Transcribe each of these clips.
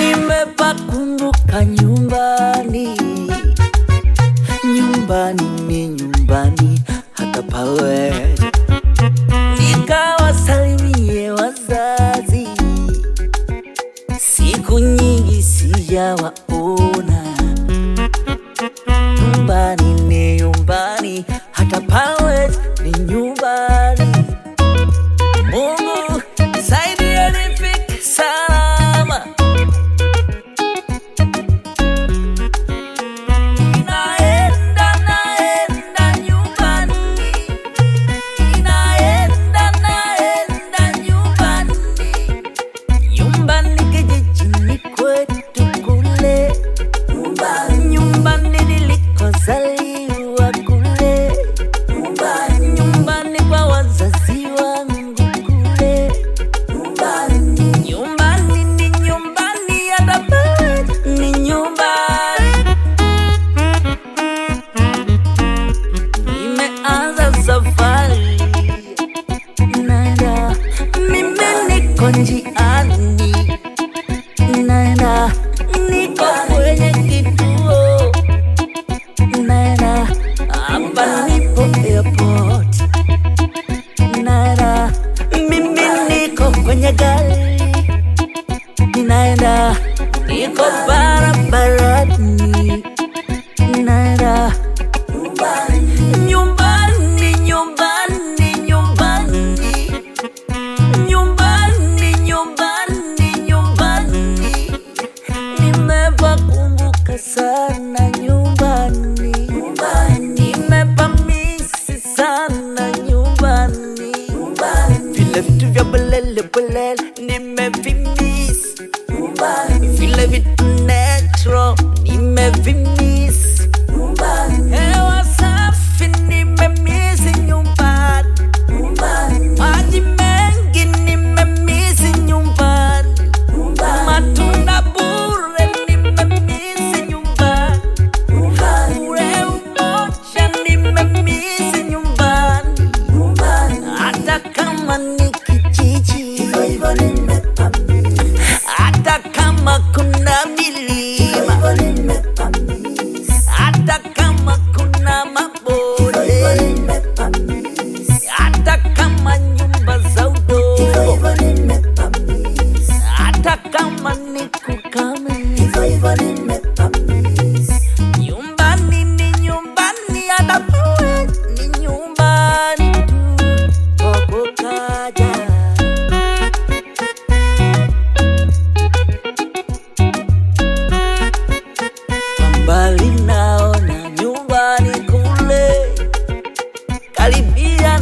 Nimepakumbuka nyumbani, nyumbani ni nyumbani, hata pawe nikawasalimie wazazi, siku nyingi sijawaona nyumbani ni inaenda iko barabarani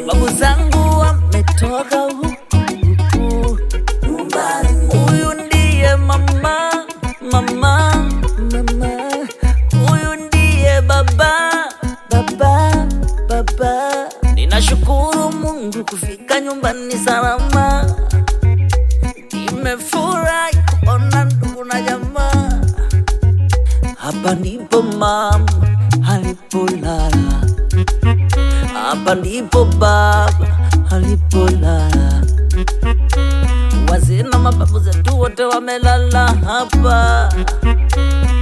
mababu zangu wametoka huku, huyu ndiye mama, mama, mama, huyu ndiye baba, baba, baba. Ninashukuru Mungu kufika nyumbani salama, nimefurahi kuona ndugu na jamaa, hapa nipo mama alipolala hapa ndipo baba alipolala, wazee na mababu zetu wote wamelala hapa.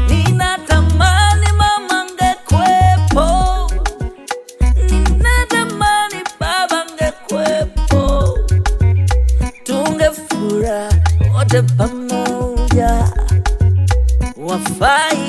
Ninatamani mama angekuwepo, ninatamani baba angekuwepo, tungefura wote pamoja wafai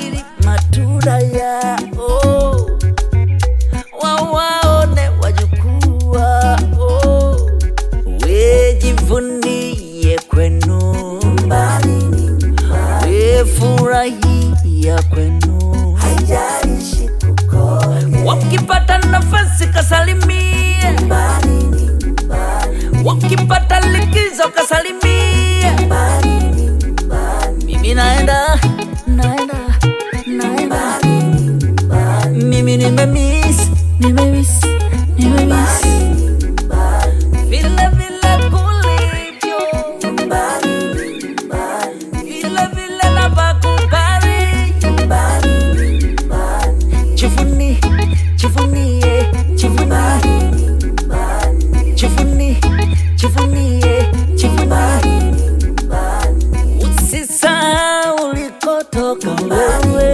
Sahau ulikotoka wewe